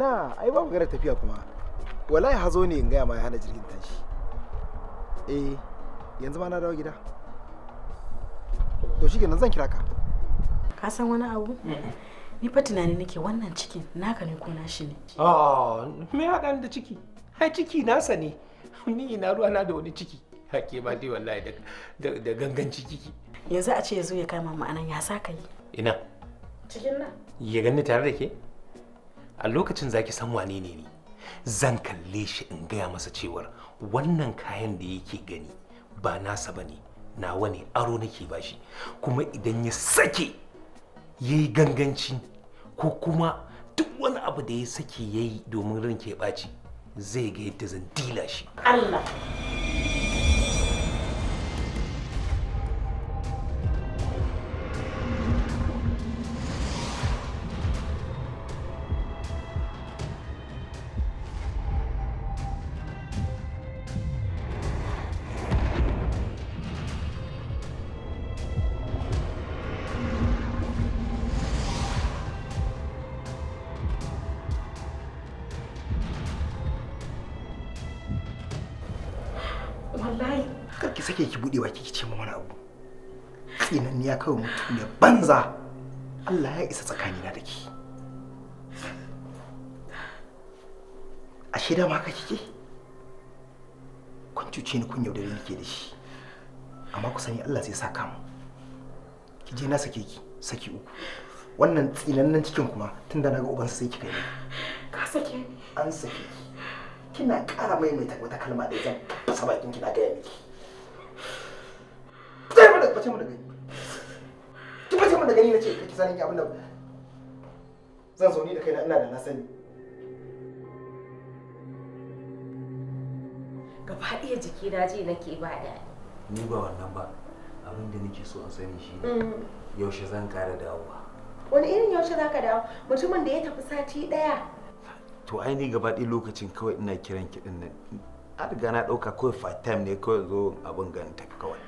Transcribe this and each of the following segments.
ina ai ba magana tafiya kuma wallahi hazo ne in gaya ma ya hana jirgin tashi eh yanzu ma na dawo gida to shike nan zan kira ka ka san wani abu ni fa tunani nake wannan cikin naka ne ko nashi ne ah me haɗan da ciki hai ciki nasa ne ni ina ruwa na da wani ciki hakke ma dai wallahi da gangan ciki. yanzu a ce ya zo ya anan ya saka ka yi ina cikin nan ya ganni tare da ke a lokacin zaki san wane ne ni zan kalle shi in gaya masa cewar wannan kayan da yake gani ba nasa bane nawa ne aro nake bashi kuma idan ya sake yayi ganganci ko kuma duk wani abu da ya sake yayi domin rinke ya ɓaci zai ga yadda zan dila shi Allah sake ki buɗewa kike ce wani abu tsinan ya kawai mutu ne banza Allah ya isa tsakanina da a ashe ma ka kike kun cuce ni kun yaudare nake da shi amma ku sani Allah zai saka mu ki je na sake ki saki uku wannan tsinannen cikin kuma tunda naga uban sai kika yi ka sake ni an sake ki kina ƙara maimaita wata kalma da zan fasa bakin ki na gaya miki ki mu da gani ki bace mu da gani nace ki sanin ki abin da zan zo ni da kaina ina da na sani gaba iya jiki na ji nake ba daɗi ni ba wannan ba abin da nake so in sani shi ne mm. yaushe zan ƙara dawowa wani irin yaushe za ka dawo mutumin da ya tafi sati ɗaya to ai ni gaba ɗaya lokacin kawai ina kiran ki ɗin nan a riga na ɗauka kawai part time ne kawai zo abin gan tafi kawai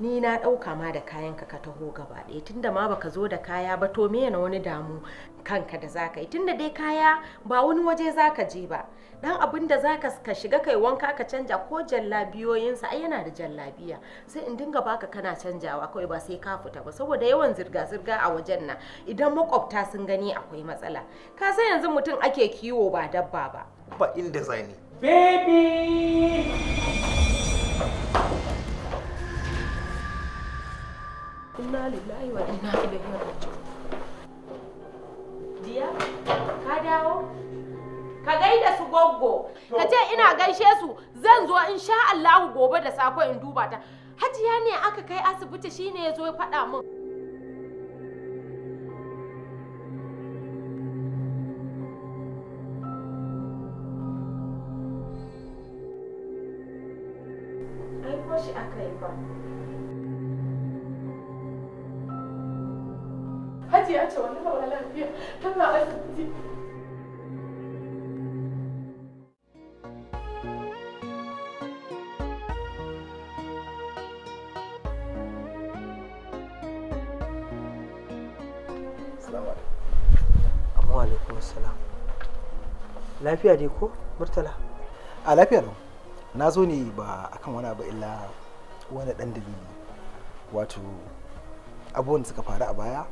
ni na ɗauka ma da kayan ka ka taho gaba ɗaya tunda ma baka zo da kaya ba to me na wani damu kanka da zaka yi tunda dai kaya ba wani waje zaka je ba dan abin da zaka ka shiga kai wanka ka canja ko jallabiyoyinsa ai yana da jallabiya sai in dinga baka kana canjawa kawai ba sai ka fita ba saboda yawan zirga zirga a wajen nan idan makwabta sun gani akwai matsala ka san yanzu mutum ake kiwo ba dabba ba ba inda zani baby inna lillahi wa inna ilaihi raji'un diya ka dawo ka gaida su goggo ka ce ina gaishe su zan zo in sha Allahu gobe da sako in duba ta hajiya ne aka kai asibiti shine ya zo ya faɗa min hajiya ce wani hawa lafiya tana asibiti Assalamu alaikum. assalam. Lafiya dai ko? Murtala. A lafiya lau. Na zo ne ba akan wani abu illa wani ɗan dalili. Wato abubuwan da suka faru a baya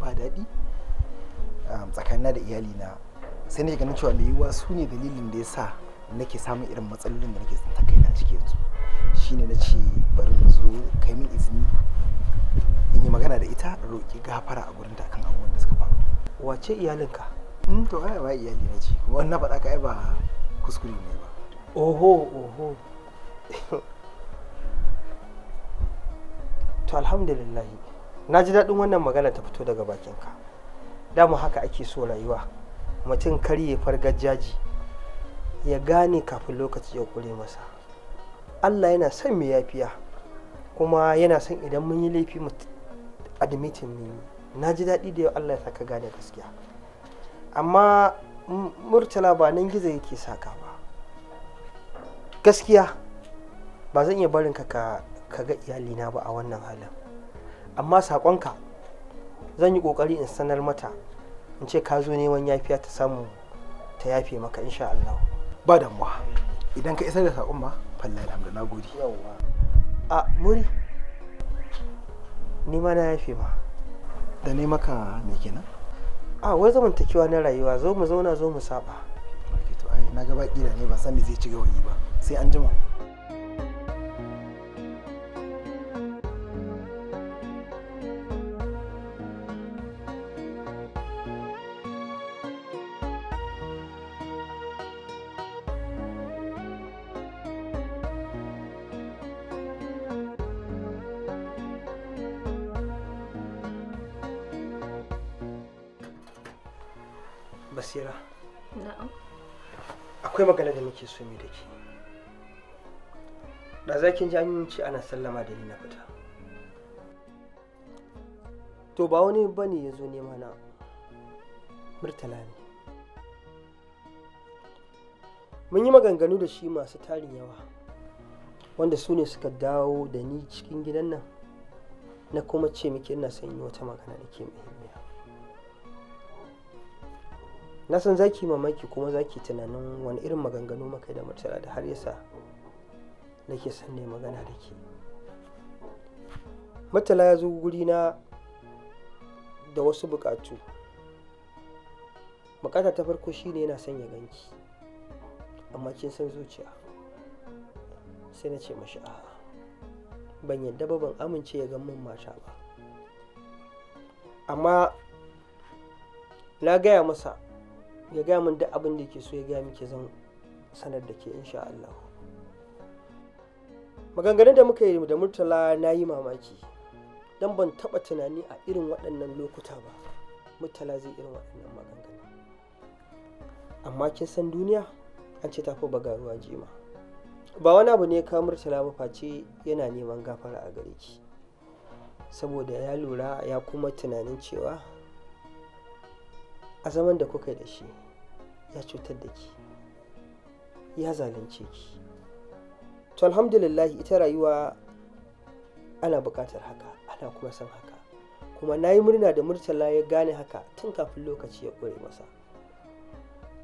ba daɗi um, tsakanina da iyalina sai na ganin cewa mai yiwuwa su ne dalilin da ya sa nake samun irin matsalolin da nake tsinta cikin su yanzu ne na ce bari in zo kai min izini in yi magana da ita roƙi gafara a gurin akan abubuwan da suka faru wace iyalinka in hmm, to ai ba iyali na ce wannan faɗa ka ba kuskure ne ba oho oho to alhamdulillah na ji daɗin wannan magana ta fito daga bakinka damu haka ake so rayuwa mutum kar ya jaji ya gane kafin lokaci ya kure masa allah yana son mu yafiya kuma yana son idan mun yi laifi mu admitin mu na ji daɗi da yau allah ya saka gane gaskiya amma murtala ba nan gizo yake saka ba gaskiya ba zan iya barin ka ka ga iyalina ba a wannan halin amma saƙonka zan yi ƙoƙari in sanar mata in ce ka zo neman yafiya ta samu ta yafe maka insha Allah ba damuwa idan ka isar da saƙon ba falla alhamdu na gode a muri ni ma na yafe ma da ne maka me kenan a wai zamantakewa na rayuwa zo mu zauna zo mu saba na ga baki da ne ba san me zai ci gawayi ba sai an jima basira na'am akwai magana da muke so mu da ke da za kin ji an ce ana sallama da ni na fita to ba wani bane ya zo nema na murtala ne mun yi maganganu da shi masu tarin yawa wanda su ne suka dawo da ni cikin gidan nan na kuma ce miki ina son yi wata magana da ke mai. na san zaki mamaki kuma zaki tunanin wani irin maganganu makai da murtala da har yasa nake son ne magana da ke matala ya zo guri na da wasu bukatu bukata ta farko shine yana son ya ganki amma kin san zuciya sai na ce mashi a'a ban yadda ba ban amince ya gan min mata ba amma na gaya masa ya gaya min duk abin da yake so ya gaya miki zan sanar da ke insha Allah maganganun da muka yi da murtala na yi mamaki don ban taɓa tunani a irin waɗannan lokuta ba murtala zai irin waɗannan maganganu amma kin san duniya an ce tafi bagaruwa jima ba wani abu ne ka murtala ba face yana neman gafara a gare ki saboda ya lura ya kuma tunanin cewa a zaman da kuka yi da shi ya cutar da ki ya zalunce ki to alhamdulillah ita rayuwa ana bukatar haka ana kuma san haka kuma na yi murna da murtala ya gane haka tun kafin lokaci ya ƙure masa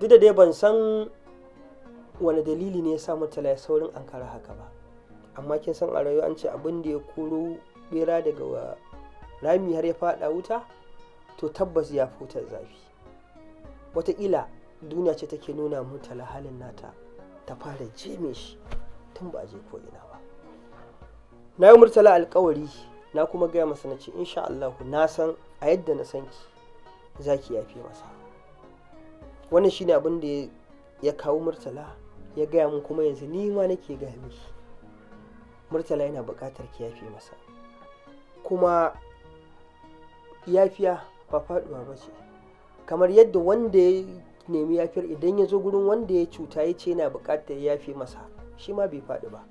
duk da dai ban san wani dalili ne ya sa murtala ya saurin an ankara haka ba amma kin san a rayuwa an ce abin da ya koro bera daga rami har ya fada wuta to tabbas ya fi zafi wataƙila duniya ce take nuna Murtala halin nata ta fara jeme shi tun ba a je ko ina ba na yi murtala alkawari na kuma gaya masa na ce insha Allah na san a yadda na san ki za ki yafe masa wannan shine abin da ya kawo murtala ya gaya mun kuma yanzu ni ma nake gaya miki murtala yana buƙatar ki yafe masa kuma yafiya ba faɗuwa ba ce kamar yadda wanda ya nemi yafiyar idan ya zo gurin wanda ya cuta ya ce yana buƙatar yafe masa shi ma bai faɗi ba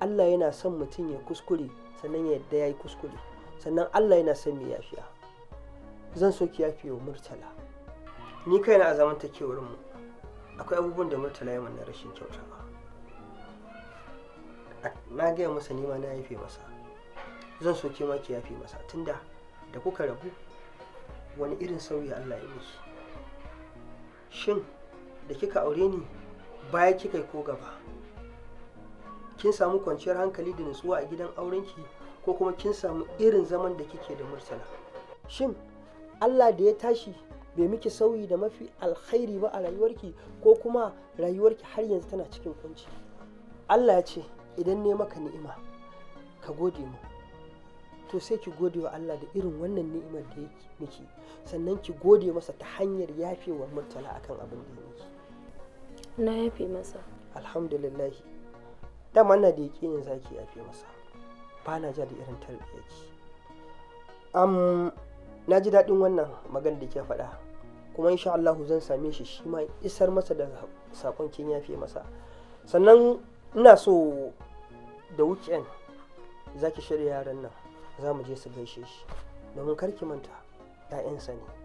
Allah yana son mutum ya kuskure sannan ya yadda ya yi kuskure sannan Allah yana son mai yafiya zan so ki yafe wa murtala ni kaina a takewar mu akwai abubuwan da murtala ya mana rashin kyauta ba na gaya masa nima na yafe masa zan so ke ma ki yafe masa tunda da kuka rabu wani irin sauyi Allah ya musu shin da kika aure ni baya kika yi ko gaba kin samu kwanciyar hankali da nutsuwa a gidan aurenki ko kuma kin samu irin zaman da kike da murtala shin Allah da ya tashi bai miki sauyi da mafi alkhairi ba a rayuwarki ko kuma rayuwarki har yanzu tana cikin kunci Allah ya ce idan ne maka ni'ima ka gode mu to sai ki gode wa Allah da irin wannan ni'imar da yake miki sannan ki gode masa ta hanyar yafewa murtala akan abin da yake na yafe masa alhamdulillah dama na da yakinin zaki yafe masa ba na ja da irin tarbiyyar am na ji daɗin wannan magana da ke faɗa kuma insha Allah zan same shi shi ma isar masa da sakon kin yafe masa sannan ina so da weekend zaki shirya yaran nan za mu je su gaishe shi domin kar manta 'ya'yansa ne